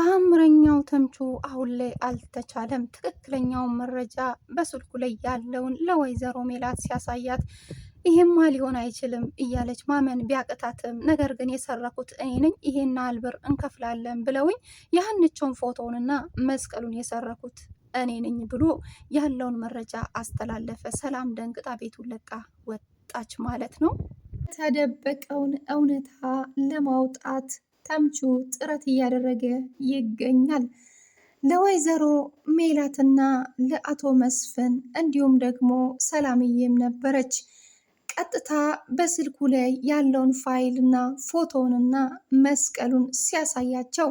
ተአምረኛው ተምቹ አሁን ላይ አልተቻለም። ትክክለኛውን መረጃ በስልኩ ላይ ያለውን ለወይዘሮ ሜላት ሲያሳያት ይሄማ ሊሆን አይችልም እያለች ማመን ቢያቅታትም ነገር ግን የሰረኩት እኔ ነኝ፣ ይሄን አልብር እንከፍላለን ብለውኝ ያህንቸውን ፎቶውንና መስቀሉን የሰረኩት እኔ ነኝ ብሎ ያለውን መረጃ አስተላለፈ። ሰላም ደንግጣ ቤቱን ለቃ ወጣች ማለት ነው። ተደበቀውን እውነታ ለማውጣት ተምቹ ጥረት እያደረገ ይገኛል። ለወይዘሮ ሜላትና ለአቶ መስፍን እንዲሁም ደግሞ ሰላምዬም ነበረች። ቀጥታ በስልኩ ላይ ያለውን ፋይልና ፎቶውንና መስቀሉን ሲያሳያቸው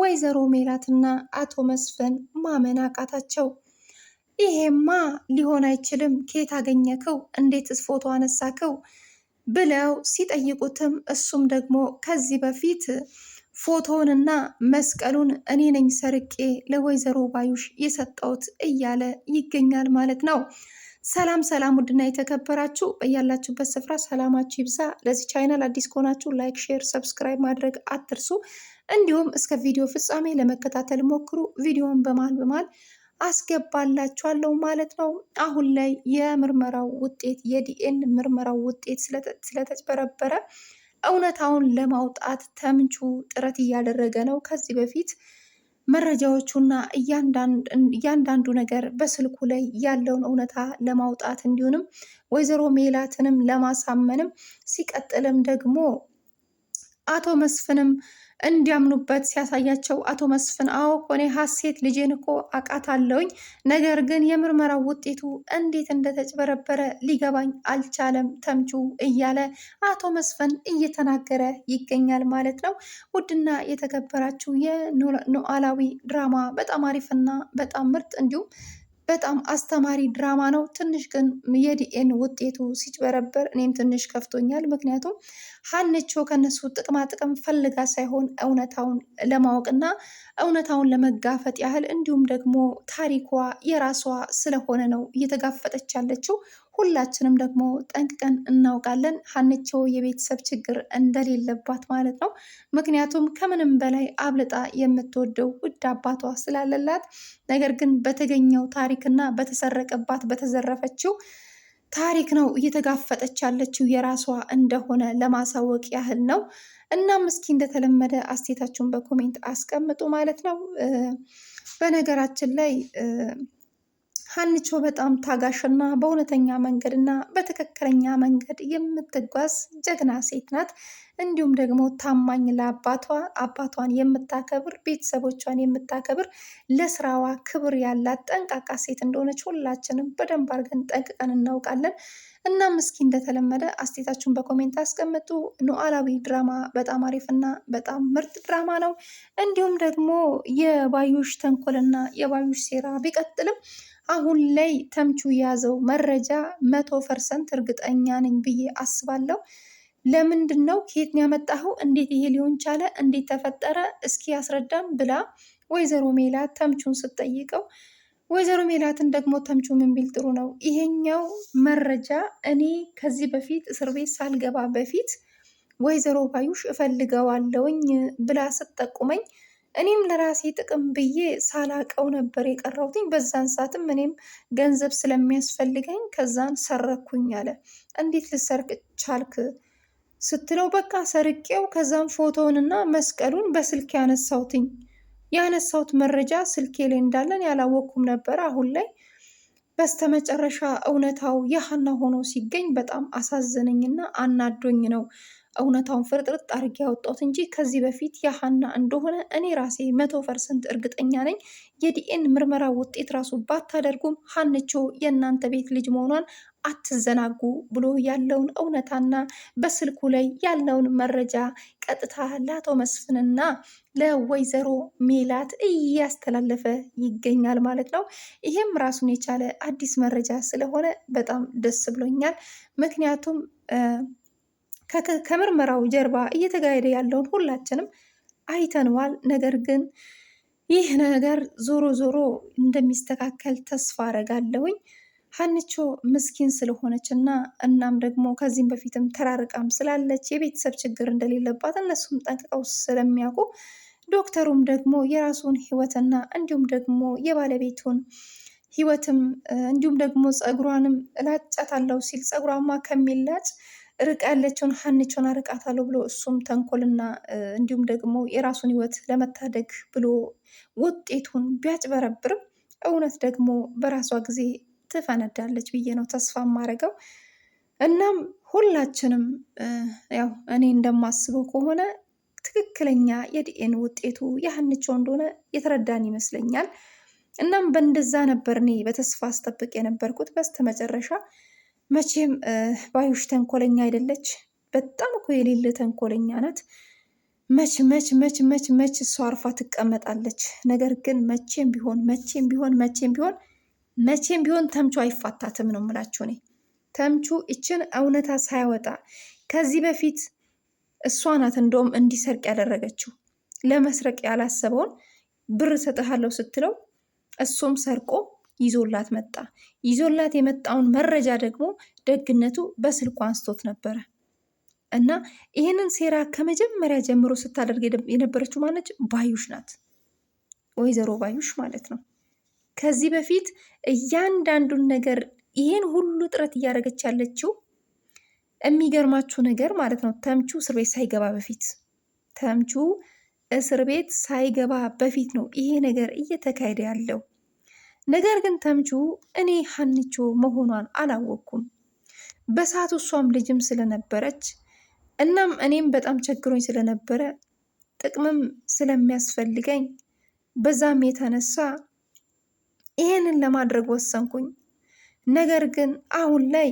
ወይዘሮ ሜላትና አቶ መስፍን ማመን አቃታቸው። ይሄማ ሊሆን አይችልም፣ ከየት አገኘከው? እንዴትስ ፎቶ አነሳከው? ብለው ሲጠይቁትም እሱም ደግሞ ከዚህ በፊት ፎቶውንና መስቀሉን እኔ ነኝ ሰርቄ ለወይዘሮ ባዩሽ የሰጠሁት እያለ ይገኛል ማለት ነው። ሰላም ሰላም፣ ውድና የተከበራችሁ በያላችሁበት ስፍራ ሰላማችሁ ይብዛ። ለዚህ ቻይናል አዲስ ከሆናችሁ ላይክ፣ ሼር፣ ሰብስክራይብ ማድረግ አትርሱ። እንዲሁም እስከ ቪዲዮ ፍጻሜ ለመከታተል ሞክሩ። ቪዲዮውን በመሃል አስገባላችኋለሁ ማለት ነው። አሁን ላይ የምርመራው ውጤት የዲኤን ምርመራው ውጤት ስለተጭበረበረ እውነታውን ለማውጣት ተምቹ ጥረት እያደረገ ነው። ከዚህ በፊት መረጃዎቹና እያንዳንዱ ነገር በስልኩ ላይ ያለውን እውነታ ለማውጣት እንዲሁንም ወይዘሮ ሜላትንም ለማሳመንም ሲቀጥልም ደግሞ አቶ መስፍንም እንዲያምኑበት ሲያሳያቸው አቶ መስፍን አዎ እኮ እኔ ሀሴት ልጄን እኮ አውቃታለሁኝ፣ ነገር ግን የምርመራው ውጤቱ እንዴት እንደተጭበረበረ ሊገባኝ አልቻለም ተምቹ እያለ አቶ መስፍን እየተናገረ ይገኛል ማለት ነው። ውድና የተከበራችሁ የኖላዊ ድራማ በጣም አሪፍና በጣም ምርጥ እንዲሁም በጣም አስተማሪ ድራማ ነው። ትንሽ ግን የዲኤን ውጤቱ ሲጭበረበር እኔም ትንሽ ከፍቶኛል። ምክንያቱም ሀንቾ ከነሱ ጥቅማ ጥቅም ፈልጋ ሳይሆን እውነታውን ለማወቅና እውነታውን ለመጋፈጥ ያህል እንዲሁም ደግሞ ታሪኳ የራሷ ስለሆነ ነው እየተጋፈጠች ያለችው። ሁላችንም ደግሞ ጠንቅቀን እናውቃለን ሀንቾ የቤተሰብ ችግር እንደሌለባት ማለት ነው። ምክንያቱም ከምንም በላይ አብልጣ የምትወደው ውድ አባቷ ስላለላት፣ ነገር ግን በተገኘው ታሪክና በተሰረቀባት በተዘረፈችው ታሪክ ነው እየተጋፈጠች ያለችው የራሷ እንደሆነ ለማሳወቅ ያህል ነው። እናም እስኪ እንደተለመደ አስቴታችሁን በኮሜንት አስቀምጡ ማለት ነው። በነገራችን ላይ ሀንቾ በጣም ታጋሽና በእውነተኛ መንገድና በትክክለኛ መንገድ የምትጓዝ ጀግና ሴት ናት። እንዲሁም ደግሞ ታማኝ ለአባቷ አባቷን የምታከብር ቤተሰቦቿን የምታከብር ለስራዋ ክብር ያላት ጠንቃቃ ሴት እንደሆነች ሁላችንም በደንብ አድርገን ጠንቅቀን እናውቃለን። እና እስኪ እንደተለመደ አስቴታችሁን በኮሜንት አስቀምጡ። ኖላዊ ድራማ በጣም አሪፍና በጣም ምርጥ ድራማ ነው። እንዲሁም ደግሞ የባዩሽ ተንኮልና የባዩሽ ሴራ ቢቀጥልም አሁን ላይ ተምቹ የያዘው መረጃ መቶ ፐርሰንት እርግጠኛ ነኝ ብዬ አስባለሁ። ለምንድን ነው ከየት ነው ያመጣኸው? እንዴት ይሄ ሊሆን ቻለ? እንዴት ተፈጠረ? እስኪ ያስረዳም ብላ ወይዘሮ ሜላት ተምቹን ስትጠይቀው ወይዘሮ ሜላትን ደግሞ ተምቹ ምን ቢል ጥሩ ነው ይሄኛው መረጃ እኔ ከዚህ በፊት እስር ቤት ሳልገባ በፊት ወይዘሮ ባዩሽ እፈልገዋለውኝ ብላ ስትጠቁመኝ እኔም ለራሴ ጥቅም ብዬ ሳላቀው ነበር የቀረውትኝ። በዛን ሰዓትም እኔም ገንዘብ ስለሚያስፈልገኝ ከዛን ሰረኩኝ አለ። እንዴት ልሰርቅ ቻልክ ስትለው በቃ ሰርቄው ከዛም ፎቶውንና መስቀሉን በስልክ ያነሳውትኝ ያነሳውት መረጃ ስልኬ ላይ እንዳለን ያላወቅኩም ነበር። አሁን ላይ በስተመጨረሻ እውነታው የሀና ሆኖ ሲገኝ በጣም አሳዘነኝና አናዶኝ ነው እውነታውን ፍርጥርጥ አድርጌ ያወጣሁት እንጂ ከዚህ በፊት ያሀና እንደሆነ እኔ ራሴ መቶ ፐርሰንት እርግጠኛ ነኝ። የዲኤን ምርመራ ውጤት ራሱ ባታደርጉም ሀንቾ የእናንተ ቤት ልጅ መሆኗን አትዘናጉ ብሎ ያለውን እውነታና በስልኩ ላይ ያለውን መረጃ ቀጥታ ለአቶ መስፍንና ለወይዘሮ ሜላት እያስተላለፈ ይገኛል ማለት ነው። ይሄም ራሱን የቻለ አዲስ መረጃ ስለሆነ በጣም ደስ ብሎኛል። ምክንያቱም ከምርመራው ጀርባ እየተካሄደ ያለውን ሁላችንም አይተነዋል። ነገር ግን ይህ ነገር ዞሮ ዞሮ እንደሚስተካከል ተስፋ አረጋለሁኝ። ሀንቾ ምስኪን ስለሆነች እና እናም ደግሞ ከዚህም በፊትም ተራርቃም ስላለች የቤተሰብ ችግር እንደሌለባት እነሱም ጠንቅቀው ስለሚያውቁ ዶክተሩም ደግሞ የራሱን ህይወትና እንዲሁም ደግሞ የባለቤቱን ህይወትም እንዲሁም ደግሞ ጸጉሯንም እላጫታለሁ ሲል ፀጉሯማ ከሚላጭ ርቃ ያለችውን ሀንቸውን አርቃታለሁ ብሎ እሱም ተንኮልና እንዲሁም ደግሞ የራሱን ህይወት ለመታደግ ብሎ ውጤቱን ቢያጭበረብርም እውነት ደግሞ በራሷ ጊዜ ትፈነዳለች ብዬ ነው ተስፋ ማረገው እናም ሁላችንም ያው እኔ እንደማስበው ከሆነ ትክክለኛ የዲኤን ውጤቱ የሀንቸው እንደሆነ የተረዳን ይመስለኛል። እናም በእንደዛ ነበር እኔ በተስፋ አስጠብቅ የነበርኩት በስተመጨረሻ መቼም ባዩሽ ተንኮለኛ አይደለች። በጣም እኮ የሌለ ተንኮለኛ ናት። መች መች መች መች መች እሷ አርፋ ትቀመጣለች። ነገር ግን መቼም ቢሆን መቼም ቢሆን መቼም ቢሆን መቼም ቢሆን ተምቹ አይፋታትም ነው የምላችሁ እኔ። ተምቹ ይችን እውነታ ሳያወጣ ከዚህ በፊት እሷ ናት እንደውም እንዲሰርቅ ያደረገችው። ለመስረቅ ያላሰበውን ብር እሰጥሃለሁ ስትለው እሱም ሰርቆ ይዞላት መጣ። ይዞላት የመጣውን መረጃ ደግሞ ደግነቱ በስልኩ አንስቶት ነበረ እና ይህንን ሴራ ከመጀመሪያ ጀምሮ ስታደርግ የነበረችው ማነች? ባዩሽ ናት። ወይዘሮ ባዩሽ ማለት ነው። ከዚህ በፊት እያንዳንዱን ነገር ይህን ሁሉ ጥረት እያደረገች ያለችው የሚገርማችሁ ነገር ማለት ነው ተምቹ እስር ቤት ሳይገባ በፊት ተምቹ እስር ቤት ሳይገባ በፊት ነው ይሄ ነገር እየተካሄደ ያለው። ነገር ግን ተምቹ እኔ ሀኒቾ መሆኗን አላወቅኩም። በሰዓቱ እሷም ልጅም ስለነበረች እናም እኔም በጣም ቸግሮኝ ስለነበረ ጥቅምም ስለሚያስፈልገኝ በዛም የተነሳ ይሄንን ለማድረግ ወሰንኩኝ። ነገር ግን አሁን ላይ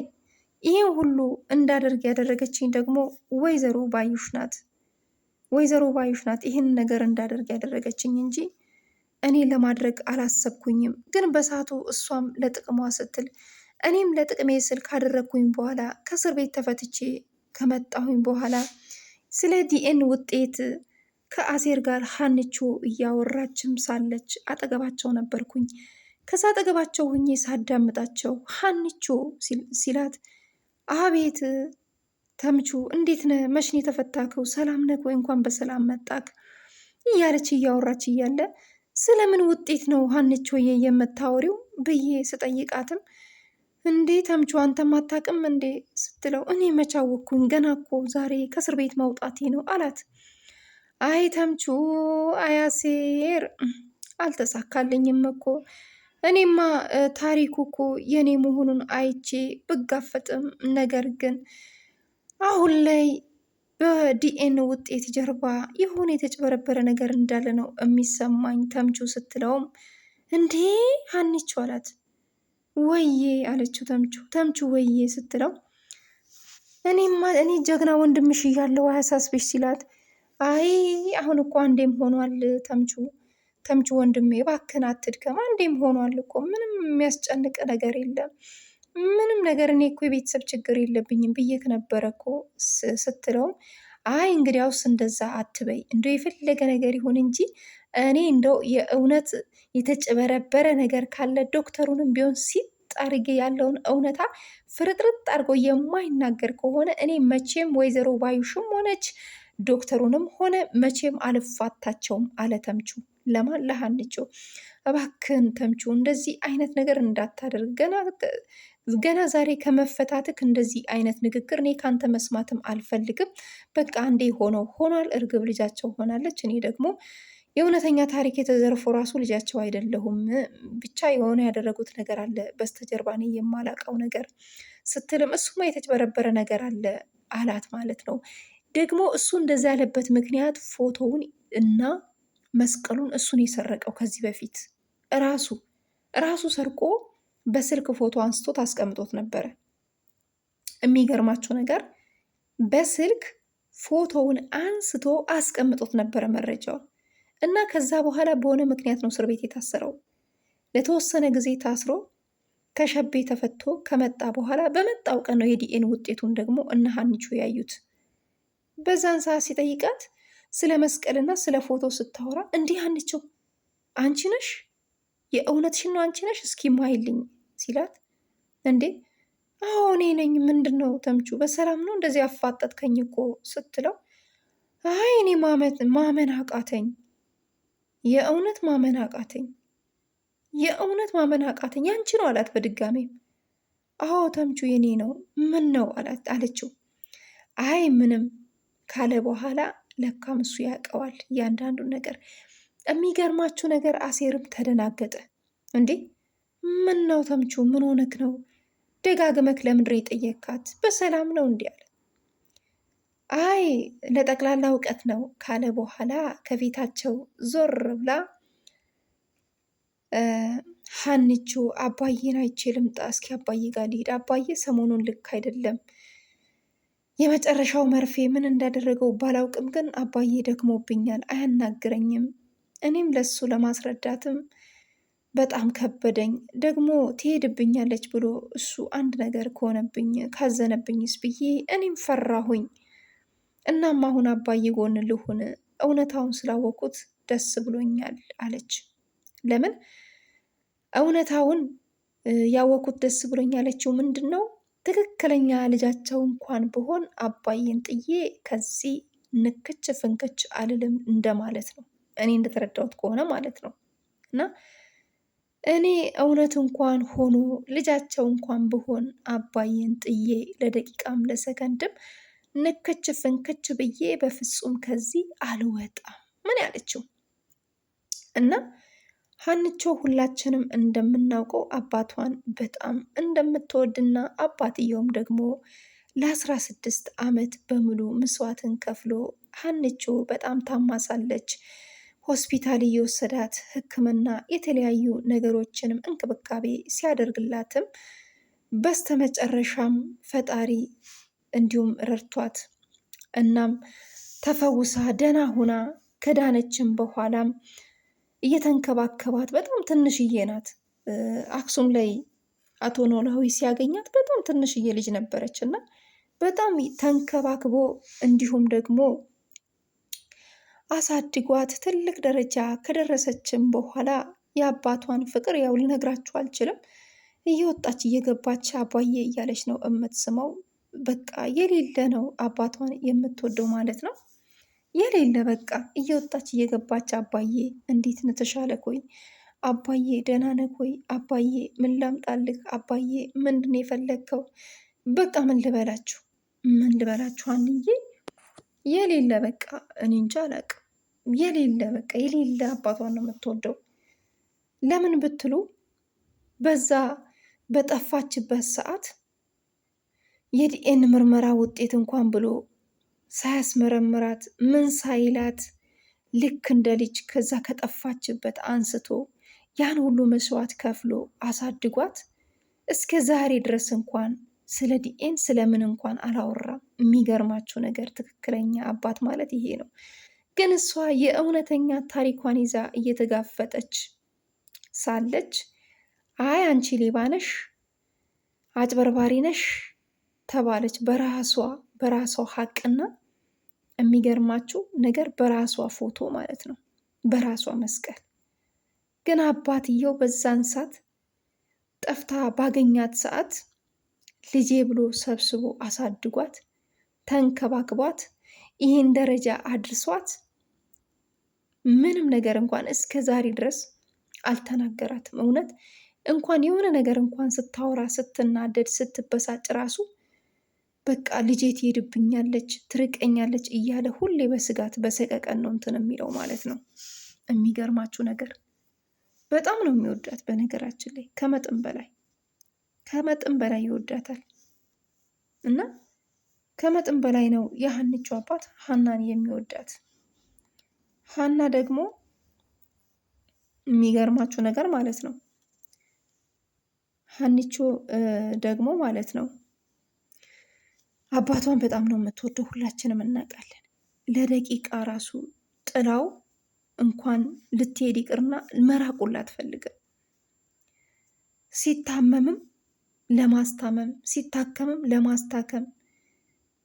ይህን ሁሉ እንዳደርግ ያደረገችኝ ደግሞ ወይዘሮ ባዩሽ ናት። ወይዘሮ ባዩሽ ናት ይህን ነገር እንዳደርግ ያደረገችኝ እንጂ እኔ ለማድረግ አላሰብኩኝም፣ ግን በሳቱ እሷም ለጥቅሟ ስትል እኔም ለጥቅሜ ስል ካደረግኩኝ በኋላ ከእስር ቤት ተፈትቼ ከመጣሁኝ በኋላ ስለ ዲኤን ውጤት ከአሴር ጋር ሀንቹ እያወራችም ሳለች አጠገባቸው ነበርኩኝ። ከዛ አጠገባቸው ሁኜ ሳዳምጣቸው ሀንቾ ሲላት አቤት ተምቹ እንዴት ነህ? መሽን የተፈታከው ሰላም ነክ ወይ? እንኳን በሰላም መጣክ እያለች እያወራች እያለ ስለምን ውጤት ነው ሀንቾዬ የምታወሪው ብዬ ስጠይቃትም እንዴ ተምቹ አንተም አታውቅም እንዴ ስትለው እኔ መቻወኩኝ ገና እኮ ዛሬ ከእስር ቤት መውጣቴ ነው አላት። አይ ተምቹ አያሴር አልተሳካልኝም እኮ እኔማ ታሪኩ እኮ የኔ መሆኑን አይቼ ብጋፈጥም ነገር ግን አሁን ላይ በዲኤን ውጤት ጀርባ የሆነ የተጭበረበረ ነገር እንዳለ ነው የሚሰማኝ ተምቹ ስትለውም እንዴ ሀኒችው አላት። ወዬ አለችው ተምቹ ተምቹ ወዬ ስትለው እኔማ እኔ ጀግና ወንድምሽ እያለው አያሳስብሽ ሲላት አይ አሁን እኮ አንዴም ሆኗል ተምቹ ተምቹ ወንድሜ እባክህን አትድከም አንዴም ሆኗል እኮ ምንም የሚያስጨንቅ ነገር የለም ምንም ነገር እኔ እኮ የቤተሰብ ችግር የለብኝም ብዬክ ነበረ እኮ ስትለውም አይ እንግዲያውስ እንደዛ አትበይ፣ እንደው የፈለገ ነገር ይሁን እንጂ እኔ እንደው የእውነት የተጨበረበረ ነገር ካለ ዶክተሩንም ቢሆን ሲጥ አድርጌ ያለውን እውነታ ፍርጥርጥ አድርጎ የማይናገር ከሆነ እኔ መቼም ወይዘሮ ባዩሽም ሆነች ዶክተሩንም ሆነ መቼም አልፋታቸውም አለ ተምቹ። ለማን ለሀንቾ እባክህን ተምቹ እንደዚህ አይነት ነገር እንዳታደርግ ገና ገና ዛሬ ከመፈታትክ እንደዚህ አይነት ንግግር እኔ ካንተ መስማትም አልፈልግም። በቃ አንዴ ሆነው ሆኗል። እርግብ ልጃቸው ሆናለች። እኔ ደግሞ የእውነተኛ ታሪክ የተዘርፎ ራሱ ልጃቸው አይደለሁም። ብቻ የሆነ ያደረጉት ነገር አለ በስተጀርባ እኔ የማላቀው ነገር ስትልም እሱማ የተጭበረበረ ነገር አለ አላት ማለት ነው። ደግሞ እሱ እንደዛ ያለበት ምክንያት ፎቶውን እና መስቀሉን እሱን የሰረቀው ከዚህ በፊት ራሱ ራሱ ሰርቆ በስልክ ፎቶ አንስቶት አስቀምጦት ነበረ። የሚገርማችሁ ነገር በስልክ ፎቶውን አንስቶ አስቀምጦት ነበረ መረጃው እና ከዛ በኋላ በሆነ ምክንያት ነው እስር ቤት የታሰረው። ለተወሰነ ጊዜ ታስሮ ከሸቤ ተፈቶ ከመጣ በኋላ በመጣው ቀን ነው የዲኤን ውጤቱን ደግሞ እነ ያዩት። በዛን ሰዓት ሲጠይቃት ስለ መስቀልና ስለ ፎቶ ስታወራ እንዲህ ሀኒቹ አንቺ ነሽ የእውነትሽን ነው አንቺ ነሽ እስኪ ማይልኝ ሲላት እንዴ አዎ እኔ ነኝ። ምንድን ነው ተምቹ በሰላም ነው እንደዚህ አፋጠጥከኝ እኮ ስትለው አይ እኔ ማመን አቃተኝ፣ የእውነት ማመን አቃተኝ፣ የእውነት ማመን አቃተኝ። አንቺ ነው አላት በድጋሜ። አዎ ተምቹ የኔ ነው። ምን ነው አላት አለችው። አይ ምንም ካለ በኋላ ለካም እሱ ያውቀዋል እያንዳንዱ ነገር። የሚገርማችሁ ነገር አሴርም ተደናገጠ እንዴ ነው ተምቹ ምን ሆነክ ነው? ደጋግመክ ለምድር የጠየካት በሰላም ነው እንዲህ አለ። አይ ለጠቅላላ እውቀት ነው ካለ በኋላ ከፊታቸው ዞር ብላ ሀንቹ አባዬን አይቼ ልምጣ፣ እስኪ አባዬ ጋር ልሂድ። አባዬ ሰሞኑን ልክ አይደለም። የመጨረሻው መርፌ ምን እንዳደረገው ባላውቅም ግን አባዬ ደክሞብኛል፣ አያናግረኝም። እኔም ለሱ ለማስረዳትም በጣም ከበደኝ። ደግሞ ትሄድብኛለች ብሎ እሱ አንድ ነገር ከሆነብኝ ካዘነብኝስ ብዬ እኔም ፈራሁኝ። እናም አሁን አባዬ ጎን ልሁን፣ እውነታውን ስላወቁት ደስ ብሎኛል አለች። ለምን እውነታውን ያወቁት ደስ ብሎኛለችው ምንድን ነው? ትክክለኛ ልጃቸው እንኳን ብሆን አባዬን ጥዬ ከዚህ ንክች ፍንክች አልልም እንደማለት ነው። እኔ እንደተረዳሁት ከሆነ ማለት ነው እና እኔ እውነት እንኳን ሆኖ ልጃቸው እንኳን ብሆን አባዬን ጥዬ ለደቂቃም ለሰከንድም ንክች ፍንክች ብዬ በፍጹም ከዚህ አልወጣም። ምን ያለችው እና ሀንቾ ሁላችንም እንደምናውቀው አባቷን በጣም እንደምትወድና አባትየውም ደግሞ ለአስራ ስድስት ዓመት በሙሉ ምስዋትን ከፍሎ ሀንቾ በጣም ታማሳለች። ሆስፒታል እየወሰዳት ሕክምና የተለያዩ ነገሮችንም እንክብካቤ ሲያደርግላትም በስተመጨረሻም ፈጣሪ እንዲሁም ረድቷት እናም ተፈውሳ ደህና ሁና ከዳነችም በኋላም እየተንከባከባት በጣም ትንሽዬ ናት። አክሱም ላይ አቶ ኖላዊ ሲያገኛት በጣም ትንሽዬ ልጅ ነበረች እና በጣም ተንከባክቦ እንዲሁም ደግሞ አሳድጓት ትልቅ ደረጃ ከደረሰችም በኋላ የአባቷን ፍቅር ያው ልነግራችሁ አልችልም። እየወጣች እየገባች አባዬ እያለች ነው የምትስመው። በቃ የሌለ ነው አባቷን የምትወደው ማለት ነው። የሌለ በቃ እየወጣች እየገባች አባዬ እንዴት ነው ተሻለ ኮይ አባዬ ደህና ነህ ኮይ አባዬ ምን ላምጣልህ አባዬ ምንድን የፈለግከው? በቃ ምን ልበላችሁ ምን ልበላችሁ አንዬ የሌለ በቃ እኔ እንጃ አላቅም። የሌለ በቃ የሌለ አባቷን ነው የምትወደው። ለምን ብትሉ በዛ በጠፋችበት ሰዓት የዲኤን ምርመራ ውጤት እንኳን ብሎ ሳያስመረምራት ምን ሳይላት ልክ እንደ ልጅ ከዛ ከጠፋችበት አንስቶ ያን ሁሉ መስዋዕት ከፍሎ አሳድጓት እስከ ዛሬ ድረስ እንኳን ስለ ዲኤን ስለምን እንኳን አላወራም። የሚገርማችሁ ነገር ትክክለኛ አባት ማለት ይሄ ነው። ግን እሷ የእውነተኛ ታሪኳን ይዛ እየተጋፈጠች ሳለች አይ አንቺ ሌባ ነሽ፣ አጭበርባሪ ነሽ ተባለች በራሷ በራሷ ሀቅና የሚገርማችሁ ነገር በራሷ ፎቶ ማለት ነው በራሷ መስቀል። ግን አባትየው በዛን ሰዓት ጠፍታ ባገኛት ሰዓት ልጄ ብሎ ሰብስቦ አሳድጓት ተንከባክቧት ይህን ደረጃ አድርሷት ምንም ነገር እንኳን እስከ ዛሬ ድረስ አልተናገራትም። እውነት እንኳን የሆነ ነገር እንኳን ስታወራ ስትናደድ፣ ስትበሳጭ ራሱ በቃ ልጄ ትሄድብኛለች፣ ትርቀኛለች እያለ ሁሌ በስጋት በሰቀቀን ነው እንትን የሚለው ማለት ነው። የሚገርማችሁ ነገር በጣም ነው የሚወዳት በነገራችን ላይ ከመጠን በላይ ከመጠን በላይ ይወዳታል እና ከመጠን በላይ ነው የሀንቹ አባት ሀናን የሚወዳት። ሀና ደግሞ የሚገርማችሁ ነገር ማለት ነው ሀንቹ ደግሞ ማለት ነው አባቷን በጣም ነው የምትወደው፣ ሁላችንም እናውቃለን። ለደቂቃ ራሱ ጥላው እንኳን ልትሄድ ይቅርና መራቁላ አትፈልግም። ሲታመምም ለማስታመም ሲታከምም ለማስታከም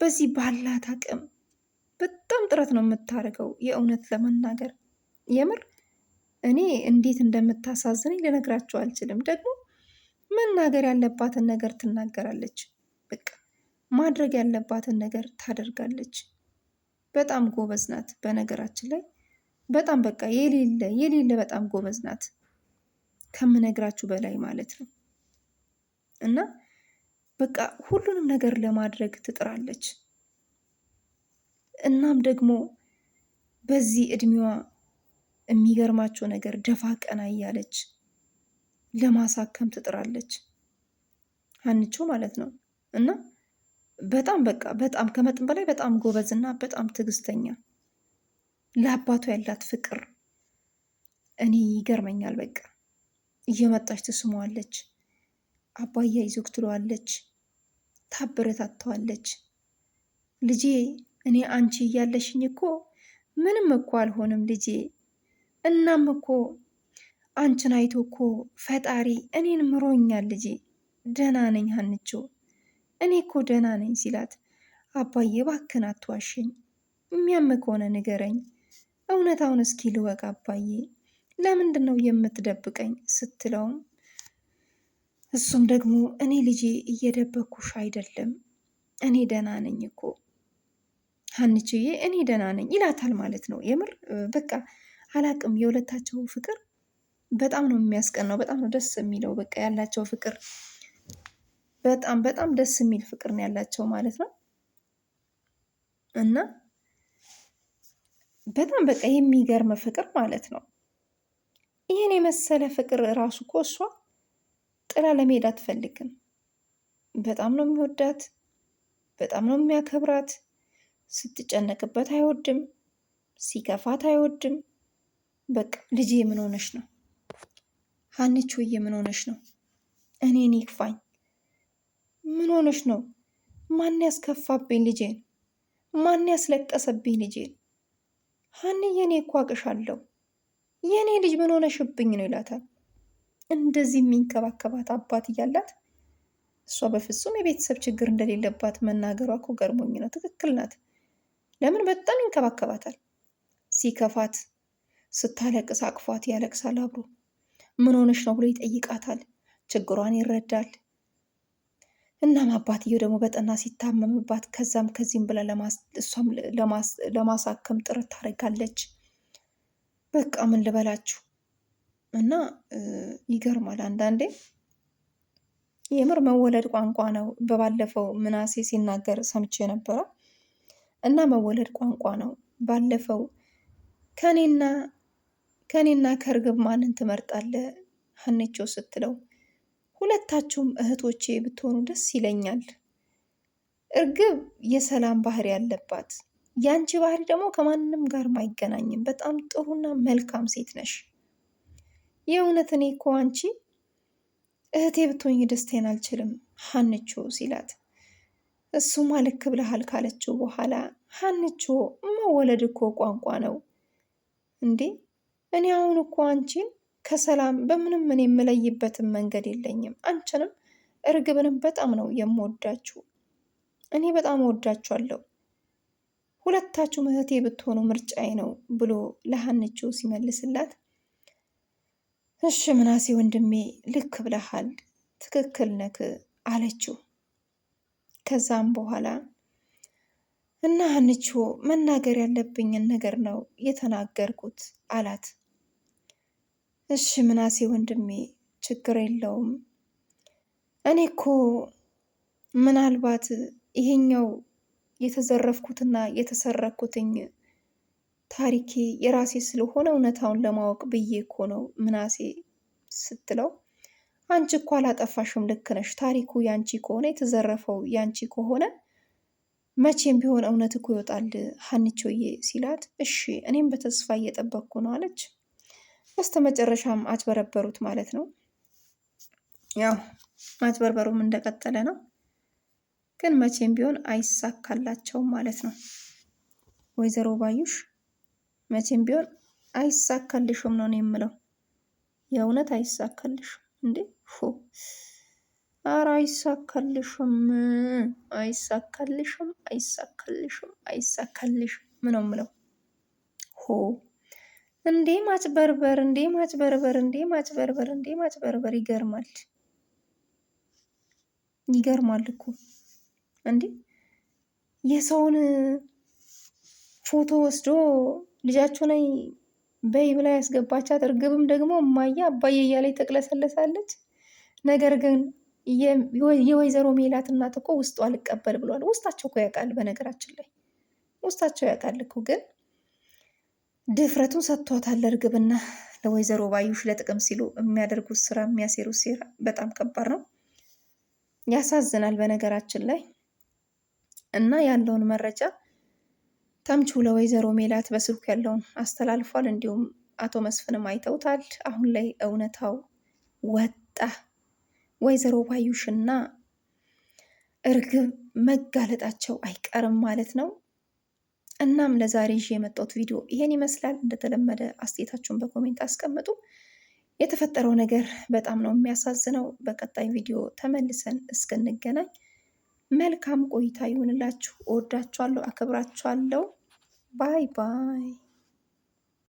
በዚህ ባላት አቅም በጣም ጥረት ነው የምታደርገው። የእውነት ለመናገር የምር እኔ እንዴት እንደምታሳዝነኝ ልነግራቸው አልችልም። ደግሞ መናገር ያለባትን ነገር ትናገራለች። በቃ ማድረግ ያለባትን ነገር ታደርጋለች። በጣም ጎበዝ ናት። በነገራችን ላይ በጣም በቃ የሌለ የሌለ በጣም ጎበዝ ናት ከምነግራችሁ በላይ ማለት ነው። እና በቃ ሁሉንም ነገር ለማድረግ ትጥራለች። እናም ደግሞ በዚህ እድሜዋ የሚገርማቸው ነገር ደፋ ቀና እያለች ለማሳከም ትጥራለች ሀንቾ ማለት ነው። እና በጣም በቃ በጣም ከመጠን በላይ በጣም ጎበዝ እና በጣም ትዕግስተኛ ለአባቷ ያላት ፍቅር እኔ ይገርመኛል። በቃ እየመጣች ትስሟዋለች። አባያ ይዞክ ትለዋለች፣ ታበረታተዋለች። ልጄ እኔ አንቺ እያለሽኝ እኮ ምንም እኮ አልሆንም ልጄ። እናም እኮ አንቺን አይቶ እኮ ፈጣሪ እኔን ምሮኛል ልጄ። ደህና ነኝ ሀንችው፣ እኔ እኮ ደህና ነኝ ሲላት፣ አባዬ ባክን አትዋሽኝ፣ የሚያም ከሆነ ንገረኝ፣ እውነታውን እስኪ ልወቅ አባዬ፣ ለምንድን ነው የምትደብቀኝ ስትለውም እሱም ደግሞ እኔ ልጄ እየደበኩሽ አይደለም፣ እኔ ደህና ነኝ እኮ ሀንችዬ፣ እኔ ደህና ነኝ ይላታል ማለት ነው። የምር በቃ አላቅም፣ የሁለታቸው ፍቅር በጣም ነው የሚያስቀናው። በጣም ነው ደስ የሚለው። በቃ ያላቸው ፍቅር በጣም በጣም ደስ የሚል ፍቅር ነው ያላቸው ማለት ነው። እና በጣም በቃ የሚገርም ፍቅር ማለት ነው። ይህን የመሰለ ፍቅር ራሱ እኮ እሷ ጥላ ለመሄድ አትፈልግም። በጣም ነው የሚወዳት፣ በጣም ነው የሚያከብራት። ስትጨነቅበት አይወድም፣ ሲከፋት አይወድም። በቃ ልጅ ምን ሆነሽ ነው? ሀንች ምን ሆነሽ ነው? እኔን ይክፋኝ ምን ሆነሽ ነው? ማን ያስከፋብኝ ልጄን? ማን ያስለቀሰብኝ ልጄን? ሀኒ የኔ እኮ አቅሻለሁ የኔ ልጅ ምን ሆነሽብኝ ነው ይላታል። እንደዚህ የሚንከባከባት አባት እያላት እሷ በፍጹም የቤተሰብ ችግር እንደሌለባት መናገሯ እኮ ገርሞኝ ነው። ትክክል ናት። ለምን በጣም ይንከባከባታል። ሲከፋት፣ ስታለቅስ አቅፏት ያለቅሳል አብሮ። ምን ሆነሽ ነው ብሎ ይጠይቃታል። ችግሯን ይረዳል። እናም አባትየው ደግሞ በጠና ሲታመምባት ከዛም ከዚህም ብላ እሷም ለማሳከም ጥረት ታደርጋለች። በቃ ምን ልበላችሁ እና ይገርማል አንዳንዴ የምር መወለድ ቋንቋ ነው። በባለፈው ምናሴ ሲናገር ሰምቼ ነበረ እና መወለድ ቋንቋ ነው። ባለፈው ከኔና ከእኔና ከእርግብ ማንን ትመርጣለህ ሀንቾ ስትለው ሁለታችሁም እህቶቼ ብትሆኑ ደስ ይለኛል። እርግብ የሰላም ባህሪ ያለባት፣ ያንቺ ባህሪ ደግሞ ከማንም ጋር አይገናኝም። በጣም ጥሩና መልካም ሴት ነሽ የእውነት እኔ እኮ አንቺ እህቴ ብትሆኝ ደስቴን አልችልም ሀንቾ ሲላት እሱማ ልክ ብለሃል ካለችው በኋላ ሀንቾ መወለድ እኮ ቋንቋ ነው እንዴ እኔ አሁን እኮ አንቺን ከሰላም በምንም ምን የምለይበትን መንገድ የለኝም። አንቺንም እርግብንም በጣም ነው የምወዳችሁ። እኔ በጣም ወዳችኋለሁ። ሁለታችሁ እህቴ ብትሆኑ ምርጫዬ ነው ብሎ ለሀንቾ ሲመልስላት እሺ ምናሴ ወንድሜ ልክ ብለሃል፣ ትክክል ነክ አለችው። ከዛም በኋላ እና ሀንቾ መናገር ያለብኝን ነገር ነው የተናገርኩት አላት። እሺ ምናሴ ወንድሜ ችግር የለውም። እኔ እኮ ምናልባት ይሄኛው የተዘረፍኩትና የተሰረኩትኝ ታሪኬ የራሴ ስለሆነ እውነታውን ለማወቅ ብዬ እኮ ነው ምናሴ ስትለው አንቺ እኮ አላጠፋሽም፣ ልክ ነሽ። ታሪኩ ያንቺ ከሆነ የተዘረፈው ያንቺ ከሆነ መቼም ቢሆን እውነት እኮ ይወጣል ሀንቾዬ ሲላት፣ እሺ እኔም በተስፋ እየጠበቅኩ ነው አለች። በስተ መጨረሻም አጭበረበሩት ማለት ነው። ያው ማጭበርበሩም እንደቀጠለ ነው፣ ግን መቼም ቢሆን አይሳካላቸውም ማለት ነው። ወይዘሮ ባዩሽ መቼም ቢሆን አይሳካልሽም ነው የምለው። የእውነት አይሳካልሽም እንዴ! ኧረ አይሳካልሽም፣ አይሳካልሽም፣ አይሳካልሽም፣ አይሳካልሽም ነው የምለው። ሆ እንዴ ማጭበርበር፣ እንዴ ማጭበርበር፣ እንዴ ማጭበርበር፣ እንዴ ማጭበርበር! ይገርማል፣ ይገርማል እኮ እንዴ የሰውን ፎቶ ወስዶ ልጃችሁ ነኝ በይ ብላ ያስገባቻት እርግብም ደግሞ እማዬ አባዬ እያለች ተቅለሰለሳለች። ነገር ግን የወይዘሮ ሜላት እናት እኮ ውስጡ አልቀበል ብሏል። ውስጣቸው እኮ ያውቃል፣ በነገራችን ላይ ውስጣቸው ያውቃል እኮ ግን ድፍረቱን ሰጥቷታል። እርግብና ለወይዘሮ ባዩሽ ለጥቅም ሲሉ የሚያደርጉት ስራ የሚያሴሩ ሴራ በጣም ከባድ ነው፣ ያሳዝናል በነገራችን ላይ እና ያለውን መረጃ ተምቹ ለወይዘሮ ሜላት በስልክ ያለውን አስተላልፏል። እንዲሁም አቶ መስፍንም አይተውታል። አሁን ላይ እውነታው ወጣ። ወይዘሮ ባዩሽና እርግብ መጋለጣቸው አይቀርም ማለት ነው። እናም ለዛሬ ይዤ የመጣሁት ቪዲዮ ይሄን ይመስላል። እንደተለመደ አስተያየታችሁን በኮሜንት አስቀምጡ። የተፈጠረው ነገር በጣም ነው የሚያሳዝነው። በቀጣይ ቪዲዮ ተመልሰን እስክንገናኝ መልካም ቆይታ ይሁንላችሁ። እወዳችኋለሁ፣ አከብራችኋለሁ። ባይ ባይ